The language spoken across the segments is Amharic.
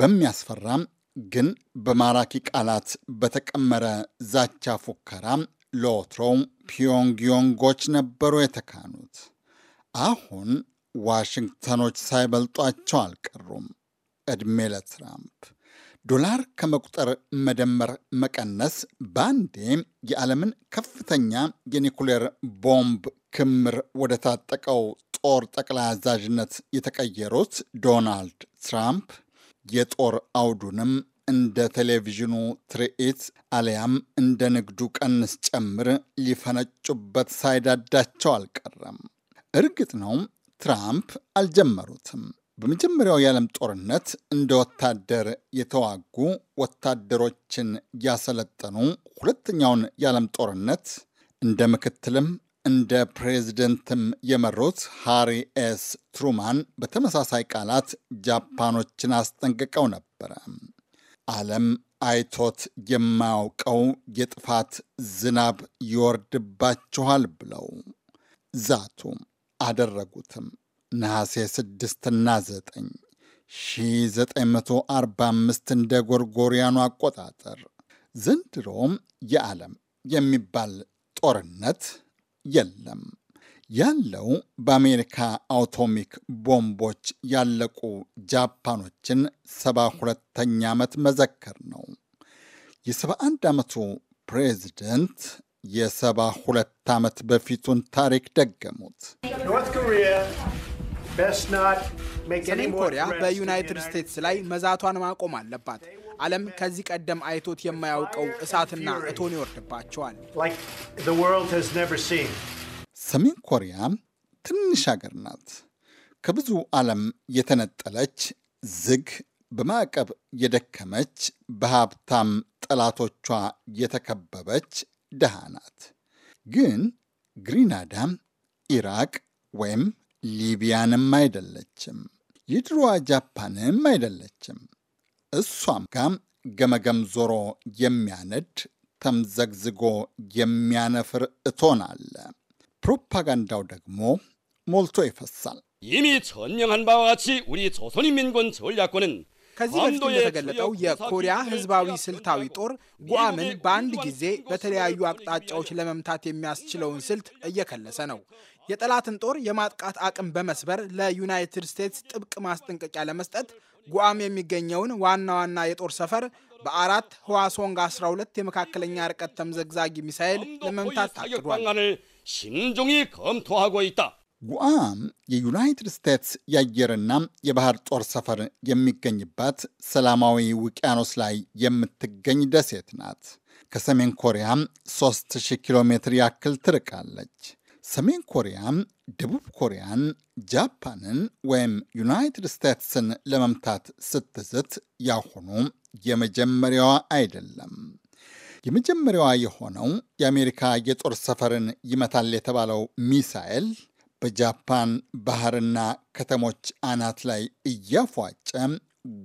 በሚያስፈራም ግን በማራኪ ቃላት በተቀመረ ዛቻ ፉከራ ለወትሮው ፒዮንግዮንጎች ነበሩ የተካኑት። አሁን ዋሽንግተኖች ሳይበልጧቸው አልቀሩም። ዕድሜ ለትራምፕ። ዶላር ከመቁጠር መደመር፣ መቀነስ በአንዴ የዓለምን ከፍተኛ የኒኩሌር ቦምብ ክምር ወደ ታጠቀው ጦር ጠቅላይ አዛዥነት የተቀየሩት ዶናልድ ትራምፕ የጦር አውዱንም እንደ ቴሌቪዥኑ ትርኢት አሊያም እንደ ንግዱ ቀንስ ጨምር ሊፈነጩበት ሳይዳዳቸው አልቀረም። እርግጥ ነው ትራምፕ አልጀመሩትም። በመጀመሪያው የዓለም ጦርነት እንደ ወታደር የተዋጉ ወታደሮችን ያሰለጠኑ፣ ሁለተኛውን የዓለም ጦርነት እንደ ምክትልም እንደ ፕሬዚደንትም የመሩት ሃሪ ኤስ ትሩማን በተመሳሳይ ቃላት ጃፓኖችን አስጠንቅቀው ነበረ። ዓለም አይቶት የማያውቀው የጥፋት ዝናብ ይወርድባችኋል ብለው ዛቱ፣ አደረጉትም። ነሐሴ 6ና 9 1945 እንደ ጎርጎሪያኑ አቆጣጠር ዘንድሮም የዓለም የሚባል ጦርነት የለም። ያለው በአሜሪካ አውቶሚክ ቦምቦች ያለቁ ጃፓኖችን ሰባ ሁለተኛ ዓመት መዘከር ነው። የሰባ አንድ ዓመቱ ፕሬዚደንት የሰባ ሁለት ዓመት በፊቱን ታሪክ ደገሙት። ሰሜን ኮሪያ በዩናይትድ ስቴትስ ላይ መዛቷን ማቆም አለባት። ዓለም ከዚህ ቀደም አይቶት የማያውቀው እሳትና እቶን ይወርድባቸዋል። ሰሜን ኮሪያ ትንሽ ሀገር ናት። ከብዙ ዓለም የተነጠለች ዝግ፣ በማዕቀብ የደከመች፣ በሀብታም ጠላቶቿ የተከበበች ድሃ ናት። ግን ግሪናዳም ኢራቅ ወይም ሊቢያንም አይደለችም። የድሮዋ ጃፓንም አይደለችም። እሷም ጋም ገመገም ዞሮ የሚያነድ ተምዘግዝጎ የሚያነፍር እቶን አለ። ፕሮፓጋንዳው ደግሞ ሞልቶ ይፈሳል። ከዚህ በፊት እንደተገለጠው የኮሪያ ህዝባዊ ስልታዊ ጦር ጓምን በአንድ ጊዜ በተለያዩ አቅጣጫዎች ለመምታት የሚያስችለውን ስልት እየከለሰ ነው። የጠላትን ጦር የማጥቃት አቅም በመስበር ለዩናይትድ ስቴትስ ጥብቅ ማስጠንቀቂያ ለመስጠት ጓም የሚገኘውን ዋና ዋና የጦር ሰፈር በአራት ህዋሶንግ 12 የመካከለኛ ርቀት ተምዘግዛጊ ሚሳይል ለመምታት ታቅዷል። ጉአም የዩናይትድ ስቴትስ የአየርና የባህር ጦር ሰፈር የሚገኝባት ሰላማዊ ውቅያኖስ ላይ የምትገኝ ደሴት ናት። ከሰሜን ኮሪያ 3000 ኪሎ ሜትር ያክል ትርቃለች። ሰሜን ኮሪያም ደቡብ ኮሪያን፣ ጃፓንን ወይም ዩናይትድ ስቴትስን ለመምታት ስትዝት ያሁኑ የመጀመሪያዋ አይደለም። የመጀመሪያዋ የሆነው የአሜሪካ የጦር ሰፈርን ይመታል የተባለው ሚሳኤል በጃፓን ባህርና ከተሞች አናት ላይ እያፏጨ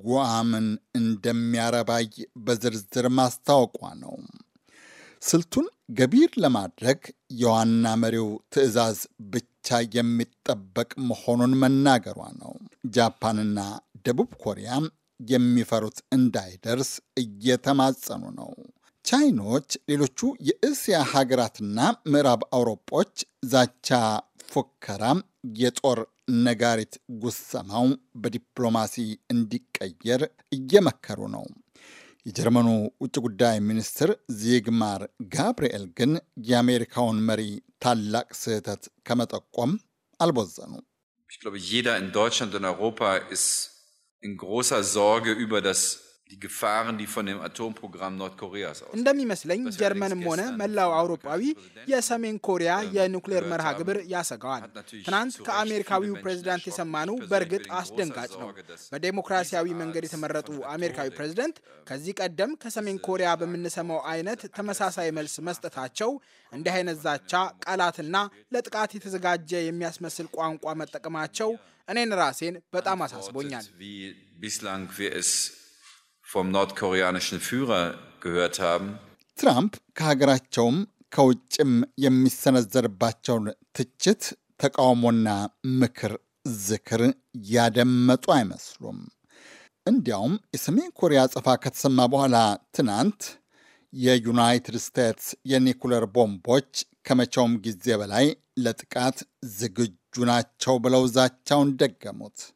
ጓምን እንደሚያረባይ በዝርዝር ማስታወቋ ነው። ስልቱን ገቢር ለማድረግ የዋና መሪው ትዕዛዝ ብቻ የሚጠበቅ መሆኑን መናገሯ ነው። ጃፓንና ደቡብ ኮሪያ የሚፈሩት እንዳይደርስ እየተማጸኑ ነው። ቻይኖች፣ ሌሎቹ የእስያ ሀገራትና ምዕራብ አውሮጶች ዛቻ ፉከራ የጦር ነጋሪት ጉሰማው በዲፕሎማሲ እንዲቀየር እየመከሩ ነው። የጀርመኑ ውጭ ጉዳይ ሚኒስትር ዚግማር ጋብርኤል ግን የአሜሪካውን መሪ ታላቅ ስህተት ከመጠቆም አልቦዘኑ። ich glaube, jeder in Deutschland und Europa ist in großer Sorge über das እንደሚመስለኝ ጀርመንም ሆነ መላው አውሮፓዊ የሰሜን ኮሪያ የኒውክሌር መርሃ ግብር ያሰጋዋል። ትናንት ከአሜሪካዊው ፕሬዚዳንት የሰማነው በእርግጥ አስደንጋጭ ነው። በዴሞክራሲያዊ መንገድ የተመረጡ አሜሪካዊ ፕሬዚደንት ከዚህ ቀደም ከሰሜን ኮሪያ äh, በምንሰማው አይነት ተመሳሳይ መልስ መስጠታቸው እንዲህ አይነት ዛቻ ቃላትና ለጥቃት የተዘጋጀ የሚያስመስል ቋንቋ መጠቀማቸው እኔን ራሴን በጣም አሳስቦኛል። vom nordkoreanischen Führer gehört haben. ትራምፕ ከሀገራቸውም ከውጭም የሚሰነዘርባቸውን ትችት ተቃውሞና ምክር ዝክር ያደመጡ አይመስሉም። እንዲያውም የሰሜን ኮሪያ ጽፋ ከተሰማ በኋላ ትናንት የዩናይትድ ስቴትስ የኒኩለር ቦምቦች ከመቼውም ጊዜ በላይ ለጥቃት ዝግጁ ናቸው ብለው ዛቻውን ደገሙት።